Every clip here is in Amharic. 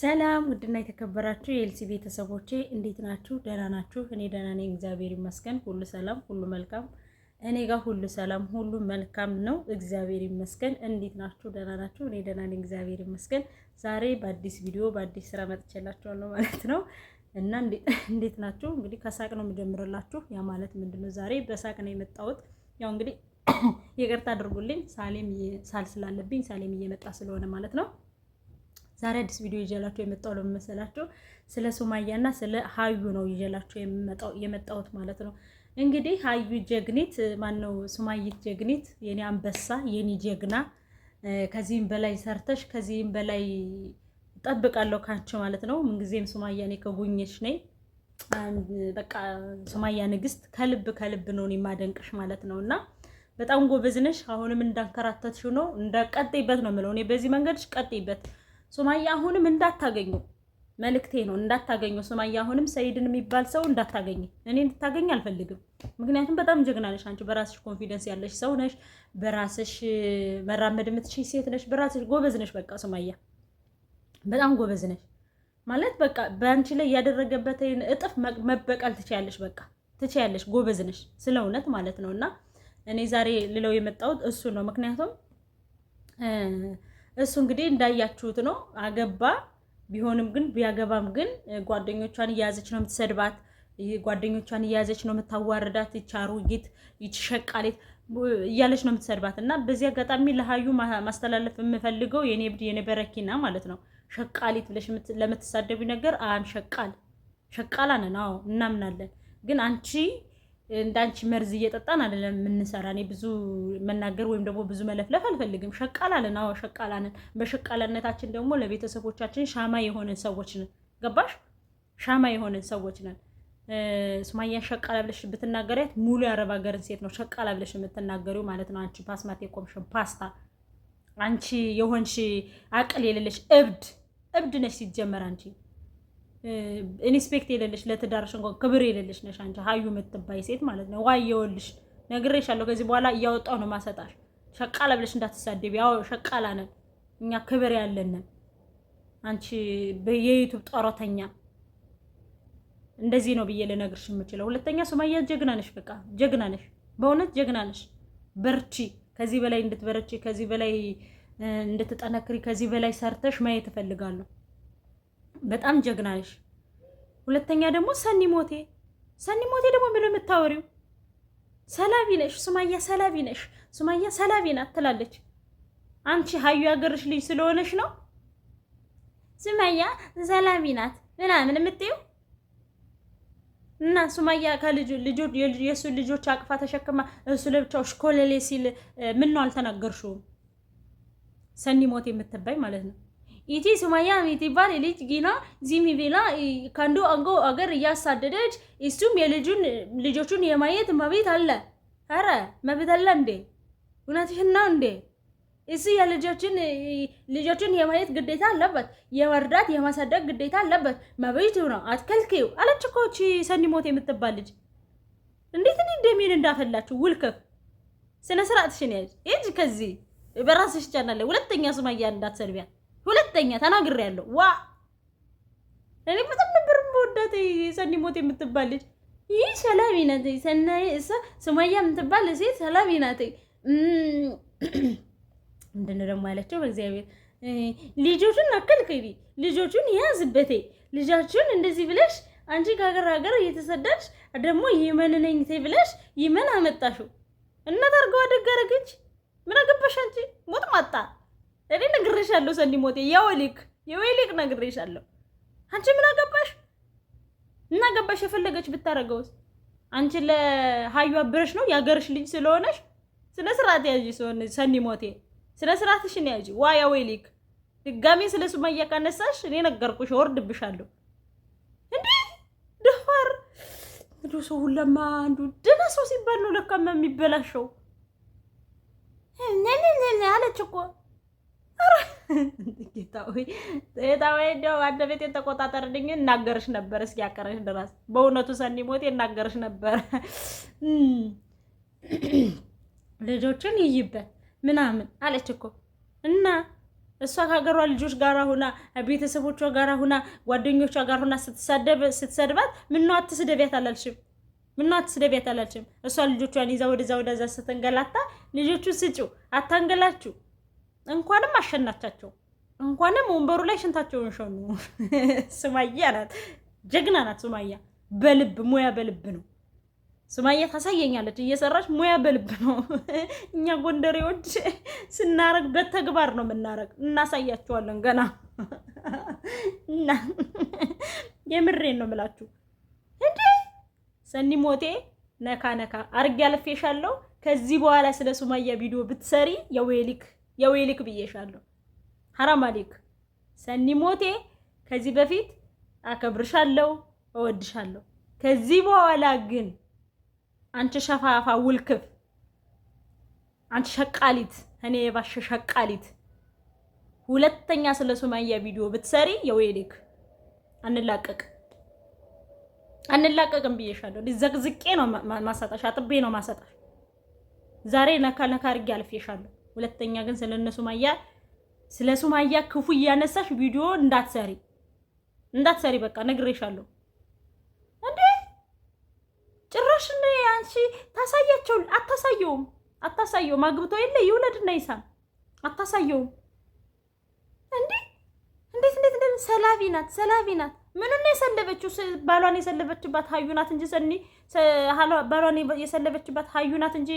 ሰላም ውድና የተከበራችሁ የኤልሲ ቤተሰቦቼ እንዴት ናችሁ? ደህና ናችሁ? እኔ ደህና ነኝ፣ እግዚአብሔር ይመስገን። ሁሉ ሰላም፣ ሁሉ መልካም። እኔ ጋር ሁሉ ሰላም፣ ሁሉ መልካም ነው፣ እግዚአብሔር ይመስገን። እንዴት ናችሁ? ደህና ናችሁ? እኔ ደህና ነኝ፣ እግዚአብሔር ይመስገን። ዛሬ በአዲስ ቪዲዮ በአዲስ ስራ መጥቼላችኋለሁ ማለት ነው እና እንዴት ናችሁ? እንግዲህ ከሳቅ ነው የምጀምርላችሁ። ያ ማለት ምንድነው? ዛሬ በሳቅ ነው የመጣሁት። ያው እንግዲህ ይቅርታ አድርጉልኝ፣ ሳሌም ሳል ስላለብኝ ሳሌም እየመጣ ስለሆነ ማለት ነው ዛሬ አዲስ ቪዲዮ ይዤላችሁ የመጣው ለመሰላችሁ ስለ ሱማያና ስለ ሀዩ ነው ይዤላችሁ የመጣሁት ማለት ነው። እንግዲህ ሀዩ ጀግኒት ማነው? ሱማይት ጀግኒት፣ የኔ አንበሳ፣ የኔ ጀግና፣ ከዚህም በላይ ሰርተሽ ከዚህም በላይ እጠብቃለሁ ካንቺ ማለት ነው። ምንጊዜም ሱማያ እኔ ከጎኘሽ ነኝ። በቃ ሱማያ ንግስት፣ ከልብ ከልብ ነው እኔ የማደንቅሽ ማለት ነው። እና በጣም ጎበዝ ነሽ። አሁንም እንዳንከራተትሽ ነው፣ እንዳትቀጥይበት ነው የምለው እኔ በዚህ መንገድሽ ቀጥይበት። ሱማያ አሁንም እንዳታገኙ መልእክቴ ነው፣ እንዳታገኙ ሱማያ አሁንም ሰይድን የሚባል ሰው እንዳታገኝ። እኔ እንድታገኝ አልፈልግም። ምክንያቱም በጣም ጀግና ነሽ አንቺ። በራስሽ ኮንፊደንስ ያለሽ ሰው ነሽ። በራስሽ መራመድ የምትችይ ሴት ነሽ። በራስሽ ጎበዝ ነሽ። በቃ ሱማያ በጣም ጎበዝ ነሽ ማለት በቃ በአንቺ ላይ ያደረገበትን እጥፍ መበቀል ትችያለሽ። በቃ ትችያለሽ፣ ጎበዝ ነሽ፣ ስለ እውነት ማለት ነው። እና እኔ ዛሬ ልለው የመጣሁት እሱ ነው ምክንያቱም እሱ እንግዲህ እንዳያችሁት ነው አገባ። ቢሆንም ግን ቢያገባም ግን ጓደኞቿን እያያዘች ነው የምትሰድባት፣ ጓደኞቿን እያያዘች ነው የምታዋርዳት። ይቻሩጊት ይችሸቃሌት እያለች ነው የምትሰድባት እና በዚህ አጋጣሚ ለሀዩ ማስተላለፍ የምፈልገው የኔ እብድ የኔ በረኪና ማለት ነው ሸቃሊት ብለሽ ለምትሳደቢ ነገር አን ሸቃል ሸቃላ ነን አዎ እናምናለን ግን አንቺ እንዳንቺ መርዝ እየጠጣን አይደለም የምንሰራ። እኔ ብዙ መናገር ወይም ደግሞ ብዙ መለፍለፍ አልፈልግም። ሸቃላለን። አዎ ሸቃላነን። በሸቃላነታችን ደግሞ ለቤተሰቦቻችን ሻማ የሆነን ሰዎች ነን። ገባሽ? ሻማ የሆነን ሰዎች ነን። ሱማያን ሸቃላ ብለሽ ብትናገሪያት ሙሉ የአረብ ሀገርን ሴት ነው ሸቃላ ብለሽ የምትናገሪው ማለት ነው። አንቺ ፓስማት የቆምሽን ፓስታ አንቺ የሆንሽ አቅል የሌለሽ እብድ እብድ ነሽ ሲጀመር አንቺ ኢንስፔክት የሌለሽ ለትዳርሽ እንኳን ክብር የሌለሽ ነሽ አንቺ ሀዩ የምትባይ ሴት ማለት ነው። ዋ የወልሽ ነግሬሻለሁ። ከዚህ በኋላ እያወጣው ነው ማሰጣሽ። ሸቃላ ብለሽ እንዳትሳደቢ። ያው ሸቃላ ነን እኛ ክብር ያለንን አንቺ የዩቱብ ጦረተኛ እንደዚህ ነው ብዬ ልነግርሽ የምችለው። ሁለተኛ ሱማያ ጀግና ነሽ፣ በቃ ጀግና ነሽ፣ በእውነት ጀግና ነሽ። በርቺ፣ ከዚህ በላይ እንድትበረቺ፣ ከዚህ በላይ እንድትጠነክሪ፣ ከዚህ በላይ ሰርተሽ ማየት እፈልጋለሁ። በጣም ጀግና ነሽ። ሁለተኛ ደግሞ ሰኒ ሞቴ ሰኒ ሞቴ ደግሞ ብሎ የምታወሪው ሰላቢ ነሽ ሱማያ፣ ሰላቢ ነሽ ሱማያ፣ ሰላቢ ናት ትላለች። አንቺ ሀዩ ያገርሽ ልጅ ስለሆነሽ ነው ሱማያ ሰላቢ ናት ምናምን የምትይው እና ሱማያ የእሱ ልጆች አቅፋ ተሸክማ እሱ ለብቻው ሽኮለሌ ሲል ምን ነው አልተናገርሽውም? ሰኒ ሞቴ የምትባይ ማለት ነው። ኢቲ ሱማያ የምትባል ልጅ ግና ዚሚ ብላ ከአንዱ አንጎ አገር እያሳደደች እሱም የልጁን ልጆቹን የማየት መብት አለ። አረ መብት አለ እንዴ? እውነትሽን ነው እንዴ? እሱ የልጆችን ልጆቹን የማየት ግዴታ አለበት፣ የመርዳት የማሳደግ ግዴታ አለበት። መብት ነው፣ አትከልክዩ አለች እኮ ይቺ ሰኒሞት የምትባል ልጅ። እንዴት እኔ እንደሚል እንዳፈላችሁ ውልከፍ ስነ ስርዓትሽን ያዥ። ሂጂ ከዚህ በራስሽ ቻናለ ሁለተኛ ሱማያ እንዳትሰድቢያት። ሁለተኛ ተናግሬ ያለው ዋ እኔ በጣም ነበር የምወዳት ሰኒ ሞት የምትባል ልጅ ይህ ሰላሚ ናት። ሰናይ ሱማያ የምትባል ሴት ሰላሚ ናት። ምንድን ደግሞ ያለችው በእግዚአብሔር ልጆቹን አከልክሪ፣ ልጆቹን ያዝበቴ፣ ልጃችሁን እንደዚህ ብለሽ አንቺ ከሀገር ሀገር እየተሰዳች ደግሞ የመን ነኝ ብለሽ የመን አመጣሽው እናት ታርገዋ ደግ አደረገች። ምን አገባሽ አንቺ ሞት ማጣ እኔ ነግሬሻለሁ፣ ሰኒ ሞቴ የወሊክ የወሊክ ነግሬሻለሁ። አንቺ ምን አገባሽ? ምን አገባሽ? የፈለገች ብታረገውስ? አንቺ ለሀዩ አብረሽ ነው የሀገርሽ ልጅ ስለሆነሽ ስነ ስርዓት ያዥ። ሰኒ ሞቴ ስነ ስርዓትሽን ያዥ። ዋ የወሊክ ድጋሜ ስለ ሱማያ ካነሳሽ እኔ ነገርኩሽ፣ ወርድብሻለሁ። እንዴ ደፋር እንዶ ሰው ሁለማ አንዱ ደህና ሰው ሲባል ነው ለካማ የሚበላሸው አለች እኮ ጌታ ወይ ጌታ ወይ እንደው አንድ ቤት የተቆጣጠርልኝ እናገርሽ ነበር። እስኪ ያቀረሽ ድረስ በእውነቱ ሰኒ ሞቴ እናገርሽ ነበር። ልጆችን ይይበት ምናምን አለች እኮ እና እሷ ከሀገሯ ልጆች ጋር ሁና ቤተሰቦቿ ጋር ሁና ጓደኞቿ ጋር ሁና ስትሰድባት ምነው አትስደቢያት አላልሽም? ምነው አትስደቢያት አላልሽም? እሷ ልጆቿን ይዛ ወደዛ ወደዛ ስትንገላታ ልጆቹ ስጪው አታንገላችሁ እንኳንም አሸናቻቸው፣ እንኳንም ወንበሩ ላይ ሽንታቸውን ሸኑ። ሱማያ ናት፣ ጀግና ናት። ሱማያ በልብ ሙያ በልብ ነው። ሱማያ ታሳየኛለች እየሰራች ሙያ በልብ ነው። እኛ ጎንደሬዎች ስናረግ በተግባር ነው የምናረግ። እናሳያችኋለን ገና እና የምሬን ነው ምላችሁ እንዴ ሰኒ ሞቴ ነካ ነካ አርግ ያለፌሻለሁ። ከዚህ በኋላ ስለ ሱማያ ቪዲዮ ብትሰሪ የዌሊክ የወይልክ ብዬሻለሁ። ሐራም አሌክ ሰኒ ሞቴ። ከዚህ በፊት አከብርሻለሁ፣ እወድሻለሁ። ከዚህ በኋላ ግን አንቺ ሸፋፋ ውልክፍ፣ አንቺ ሸቃሊት፣ እኔ የባሽ ሸቃሊት፣ ሁለተኛ ስለ ሱማያ ቪዲዮ ብትሰሪ የወይልክ አንላቀቅ አንላቀቅም ብዬሻለሁ። ዘቅዝቄ ነው ማሰጣሽ፣ አጥቤ ነው ማሰጣሽ። ዛሬ ነካ ነካ አድርጌ አልፌሻለሁ። ሁለተኛ ግን ስለነ ሱማያ ስለ ሱማያ ክፉ እያነሳሽ ቪዲዮ እንዳትሰሪ እንዳትሰሪ፣ በቃ ነግሬሻለሁ። እንዴ ጭራሽ ነው አንቺ ታሳያቸው። አታሳየውም፣ አታሳየውም። አግብቶ የለ እና ይሳም አታሳየውም። እንዴ እንዴት እንዴት እንዴት! ሰላቢ ናት፣ ሰላቢ ናት። ምኑን የሰለበችው? ባሏን የሰለበችባት ሀዩ ናት እንጂ ሰኒ ባሏን የሰለበችባት ሀዩ ናት እንጂ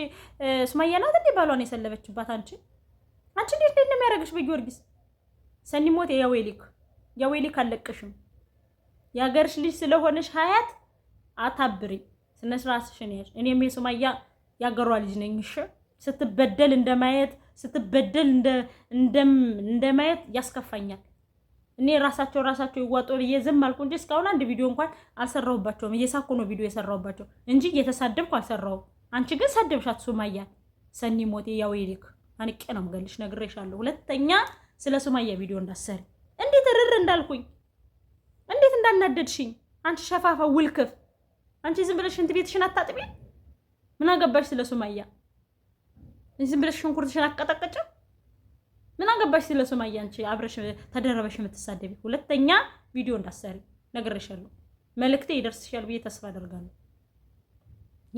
ሱመያ ናት እንዴ? ባሏን የሰለበችባት አንቺ አንቺ እንዴት ነው የሚያደርግሽ? በጊዮርጊስ ሰኒ ሞት የያዌሊክ ያዌሊክ አለቅሽም። የሀገርሽ ልጅ ስለሆነሽ ሀያት አታብሪ። ስነ ስርዓትሽን ያዥ። እኔም የሱመያ ያገሯ ልጅ ነኝ። እሺ ስትበደል እንደማየት ስትበደል እንደማየት ያስከፋኛል። እኔ ራሳቸው ራሳቸው ይዋጡ ብዬ ዝም አልኩ እንጂ እስካሁን አንድ ቪዲዮ እንኳን አልሰራሁባቸውም። እየሳኩ ነው ቪዲዮ የሰራሁባቸው እንጂ እየተሳደብኩ አልሰራሁም። አንቺ ግን ሰደብሻት ሱማያን። ሰኒ ሞቴ ያው ይልክ አንቄ ነው የምገልሽ፣ ነግሬሻለሁ። ሁለተኛ ስለ ሱማያ ቪዲዮ እንዳሰሪ እንዴት ርር እንዳልኩኝ እንዴት እንዳናደድሽኝ። አንቺ ሸፋፋ ውልክፍ፣ አንቺ ዝም ብለሽ ሽንት ቤትሽን አታጥቢ። ምን አገባሽ ስለ ሱማያ? ዝም ብለሽ ሽንኩርትሽን አቀጠቀጭም ምን አገባሽ ስለ ሱማያ አንቺ አብረሽ ተደረበሽ የምትሳደቢ? ሁለተኛ ቪዲዮ እንዳሰሪ ነግሬሻለሁ። መልእክቴ ይደርስሻል ብዬ ተስፋ አደርጋለሁ።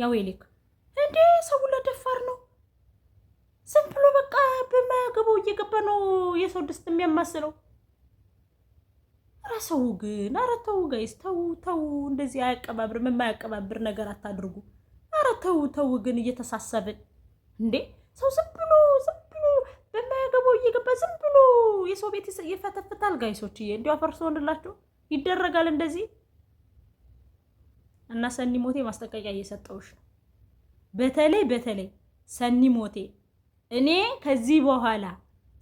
ያው ኤሌክ እንዴ ሰው ለደፋር ነው። ዝም ብሎ በቃ በማያገባው እየገባ ነው የሰው ድስት የሚያማስለው። ኧረ ሰው ግን ኧረ ተው ጋይስ ተው ተው፣ እንደዚህ አያቀባብር የማያቀባብር ነገር አታድርጉ። ኧረ ተው ተው ግን እየተሳሰብን እንዴ ሰው ዝም ብሎ የሰው ቤት ይፈተፍታል። ጋይሶችዬ እንዲሁ አፈርሶ እንላችሁ ይደረጋል እንደዚህ እና ሰኒ ሞቴ ማስጠንቀቂያ እየሰጠውሽ ነው። በተለይ በተለይ ሰኒ ሞቴ እኔ ከዚህ በኋላ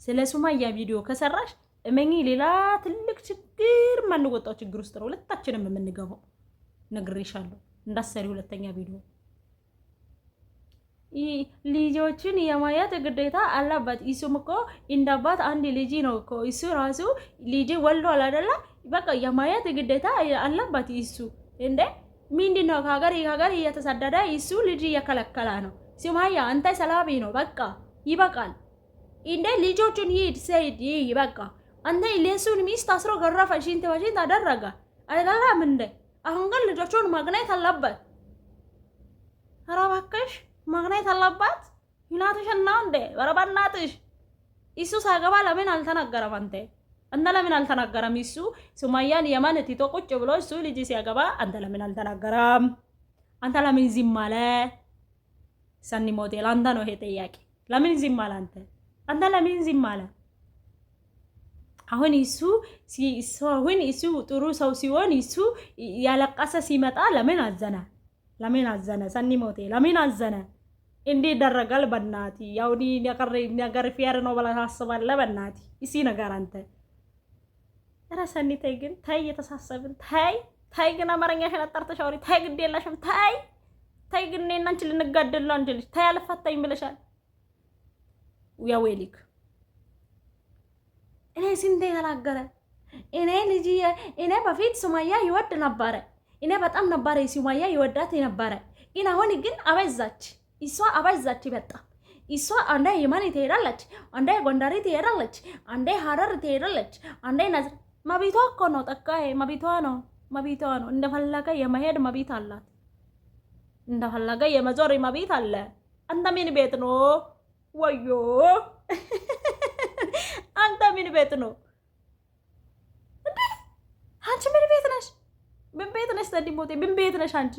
ስለ ሱማያ ቪዲዮ ከሰራሽ እመኚ ሌላ ትልቅ ችግር ማንወጣው ችግር ውስጥ ነው ሁለታችንም የምንገባው። ነግሬሻለሁ እንዳሰሪ ሁለተኛ ቪዲዮ ልጆችን የማየት ግዴታ አለበት። እሱም እኮ እንዳባት አንድ ልጅ ነው እኮ እሱ ራሱ ልጅ ወልዷል አይደለ? በቃ የማየት ግዴታ አለበት። እሱ እንደ ምንድን ነው ከሀገር ከሀገር እየተሰደደ እሱ ልጅ እየከለከለ ነው። ሲማያ አንተ ሰላቢ ነው በቃ ይበቃል። እንደ ልጆቹን ሂድ ሰይድ ይህ በቃ አንተ ሌሱን ሚስት አስሮ ገረፈ፣ ሽንት በሽንት አደረገ አይደለም እንደ አሁን ግን ልጆቹን ማግኘት አለበት። ማግኘት አለባት። ይናትሽን ነው እንዴ? በረባ እናትሽ እሱ ሳገባ ለምን አልተናገረም? አንተ እና ለምን አልተናገረም? እሱ ሱማያን የማን ቲቶ ቁጭ ብሎ እሱ ልጅ ሲያገባ አንተ ለምን አልተናገረም? አንተ ለምን ዝም አለ? ሰኒ ሞዴል አንተ ነው ይሄ ጥያቄ። ለምን ዝም አለ? አንተ አንተ ለምን ዝም አለ? አሁን እሱ አሁን እሱ ጥሩ ሰው ሲሆን እሱ ያለቀሰ ሲመጣ ለምን አዘና ለምን አዘነ? ሰኒ ሞቴ ለምን አዘነ? እንዴት ይደረጋል? በናቲ ያው ነገር ፌር ነው ብላ ታስባለህ? በናቲ እሲ ነገር አንተ ኧረ ሰኒ ተይ ግን ተይ፣ እየተሳሰብን ተይ ተይ ግን አማርኛሽን አጣርተሽ አውሪ ተይ፣ ግድ የለሽም ተይ ተይ ግን እኔ እና ልንጋደል ነው አንቺ ልጅ ተይ፣ አልፈታኝም ብለሻል። ያው ኤሊክ እኔ ስንዴ ተናገረ እኔ ልጅ እኔ በፊት ሱማያ ይወድ ነበረ እኔ በጣም ነበረ ሲማያ ይወዳት ነበረ። ግን አሁን ግን አበዛች፣ እሷ አበዛች በጣም እሷ አንዴ የማን ትሄዳለች፣ አንዳ ጎንደር ትሄዳለች፣ አንዴ ሀረር ትሄዳለች፣ አንዴ ናዝር። መብቷ እኮ ነው ጠቃ መብቷ ነው መብቷ ነው። እንደፈለገ የመሄድ መብት አላት፣ እንደፈለገ የመዞር መብት አለ። አንተ ምን ቤት ነው ወዮ? አንተ ምን ቤት ነው? ስተዲ ሞቴ። ምን ቤት ነሽ አንቺ?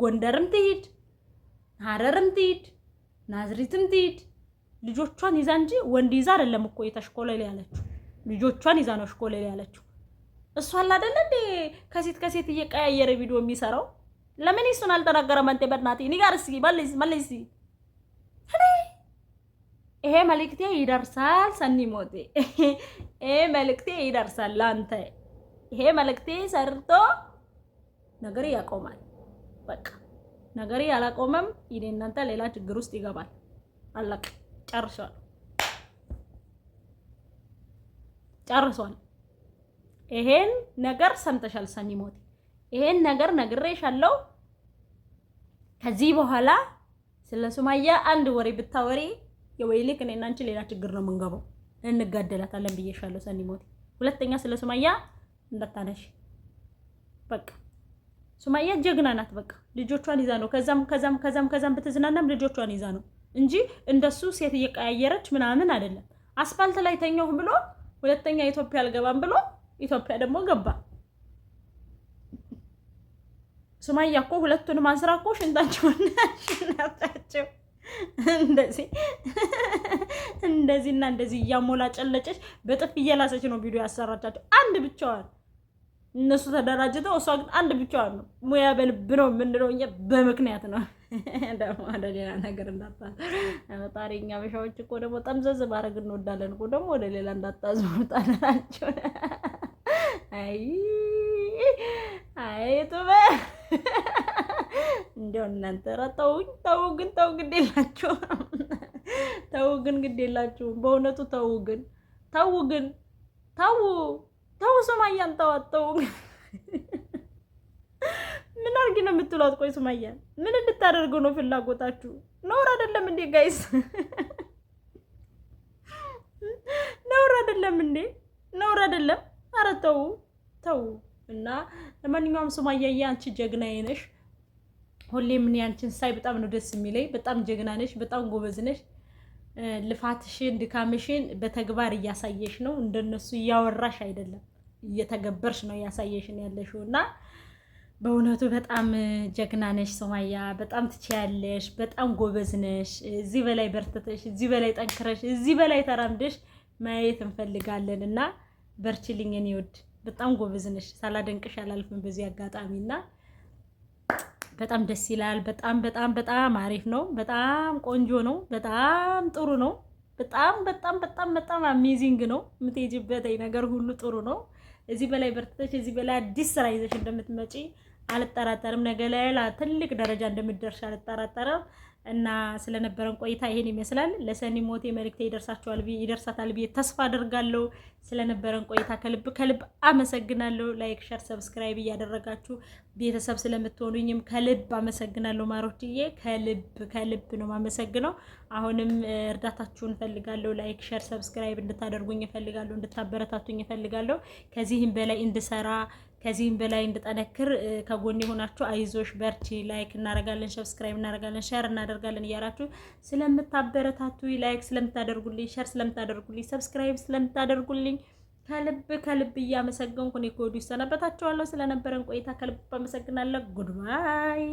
ጎንደርም ትሂድ ሀረርም ትሂድ ናዝሪትም ትሂድ ልጆቿን ይዛ እንጂ ወንድ ይዛ አይደለም እኮ የተሽኮለል ያለችው ልጆቿን ይዛ ነው ሽኮለል ያለችው። እሱ አለ አይደለ እንዴ ከሴት ከሴት እየቀያየረ ቪዲዮ የሚሰራው ለምን እሱን አልተናገረ? አንተ በእናትህ እኔ ጋር እስኪ መለስ መለስ ይሄ መልእክቴ ይደርሳል። ሰኒ ሞቴ ይሄ መልእክቴ ይደርሳል ላንተ ይሄ መልእክቴ ሰርቶ ነገሬ ያቆማል። በቃ ነገሬ ያላቆመም ይኔ እናንተ ሌላ ችግር ውስጥ ይገባል። አለቅ ጨርሷል፣ ጨርሷል። ይሄን ነገር ሰምተሻል ሰኒ ሞቴ፣ ይሄን ነገር ነግሬሻለሁ። ከዚህ በኋላ ስለ ሱማያ አንድ ወሬ ብታወሪ የወይልክ እኔ አንቺ ሌላ ችግር ነው የምንገባው፣ እንጋደላታለን ብዬሻለሁ ሰኒ ሞቴ። ሁለተኛ ስለ ሱማያ እንዳታነሽ በቃ ሱማያ ጀግና ናት። በቃ ልጆቿን ይዛ ነው ከዛም ከዛም ከዛም ከዛም ብትዝናናም ልጆቿን ይዛ ነው እንጂ እንደሱ ሴት እየቀያየረች ምናምን አይደለም። አስፋልት ላይ ተኛሁ ብሎ ሁለተኛ ኢትዮጵያ አልገባም ብሎ ኢትዮጵያ ደግሞ ገባ። ሱማያ እኮ ሁለቱንም አንስራ እኮ ሽንታቸውን ሽናታቸው እንደዚህ እንደዚህና እንደዚህ ጨለጨች። በጥፍ እየላሰች ነው ቪዲዮ ያሰራቻቸው አንድ ብቻዋን እነሱ ተደራጅተው እሷ ግን አንድ ብቻዋን ነው። ሙያ በልብ ነው የምንለው እኛ በምክንያት ነው። ደግሞ ወደ ሌላ ነገር እንዳታዝ ጣሪ። እኛ በሻዎች እኮ ደግሞ ጠምዘዝ ማድረግ እንወዳለን እኮ ደግሞ ወደ ሌላ እንዳታዝ መጣለናቸው። አይ አይ ቱበ እንዲያው እናንተ ኧረ ተው ተው፣ ግን ተው፣ ግድ የላችሁም ተው፣ ግን ግድ የላችሁም በእውነቱ ተው፣ ግን ተው፣ ግን ተው ተው ሱማያን ተዋት፣ ተው። ምን አድርጊ ነው የምትሏት? ቆይ ሱማያን ምን እንድታደርገው ነው ፍላጎታችሁ? ነውር አይደለም እንዴ ጋይስ? ነውር አይደለም እንዴ? ነውር አይደለም። ኧረ ተው ተው። እና ለማንኛውም ሱማያዬ አንቺ ጀግና ነሽ። ሁሌም እኔ አንቺን ሳይ በጣም ነው ደስ የሚለኝ። በጣም ጀግና ነሽ፣ በጣም ጎበዝ ነሽ። ልፋትሽን፣ ድካምሽን በተግባር እያሳየሽ ነው። እንደነሱ እያወራሽ አይደለም። እየተገበርሽ ነው እያሳየሽን ያለሽው እና በእውነቱ በጣም ጀግና ነሽ ሶማያ በጣም ትችያለሽ፣ በጣም ጎበዝ ነሽ። እዚህ በላይ በርትተሽ፣ እዚህ በላይ ጠንክረሽ፣ እዚህ በላይ ተራምደሽ ማየት እንፈልጋለን እና በርችልኝ የኔ ውድ። በጣም ጎበዝ ነሽ፣ ሳላደንቅሽ አላልፍም በዚህ አጋጣሚ እና በጣም ደስ ይላል። በጣም በጣም በጣም አሪፍ ነው። በጣም ቆንጆ ነው። በጣም ጥሩ ነው። በጣም በጣም በጣም በጣም አሜዚንግ ነው። የምትሄጂበት ነገር ሁሉ ጥሩ ነው። እዚህ በላይ በርትተሽ እዚህ በላይ አዲስ ስራ ይዘሽ እንደምትመጪ አልጠራጠርም። ነገ ላይ ትልቅ ደረጃ እንደምትደርሽ አልጠራጠርም። እና ስለነበረን ቆይታ ይሄን ይመስላል። ለሰኒ ሞቴ መልእክቴ ይደርሳችኋል፣ ይደርሳታል ብዬ ተስፋ አደርጋለሁ። ስለነበረን ቆይታ ከልብ ከልብ አመሰግናለሁ። ላይክ፣ ሸር፣ ሰብስክራይብ እያደረጋችሁ ቤተሰብ ስለምትሆኑኝም ከልብ አመሰግናለሁ። ማሮችዬ ከልብ ከልብ ነው የማመሰግነው። አሁንም እርዳታችሁን እፈልጋለሁ። ላይክ፣ ሸር፣ ሰብስክራይብ እንድታደርጉኝ እፈልጋለሁ። እንድታበረታቱኝ እፈልጋለሁ። ከዚህም በላይ እንድሰራ ከዚህም በላይ እንድጠነክር ከጎን የሆናችሁ አይዞሽ በርቺ፣ ላይክ እናረጋለን፣ ሰብስክራይብ እናረጋለን፣ ሸር እናደርጋለን እያላችሁ ስለምታበረታቱ ላይክ ስለምታደርጉልኝ፣ ሸር ስለምታደርጉልኝ፣ ሰብስክራይብ ስለምታደርጉልኝ ከልብ ከልብ እያመሰገንኩ እኔ ከወዲሁ ይሰናበታችኋለሁ። ስለነበረን ቆይታ ከልብ አመሰግናለሁ። ጉድባይ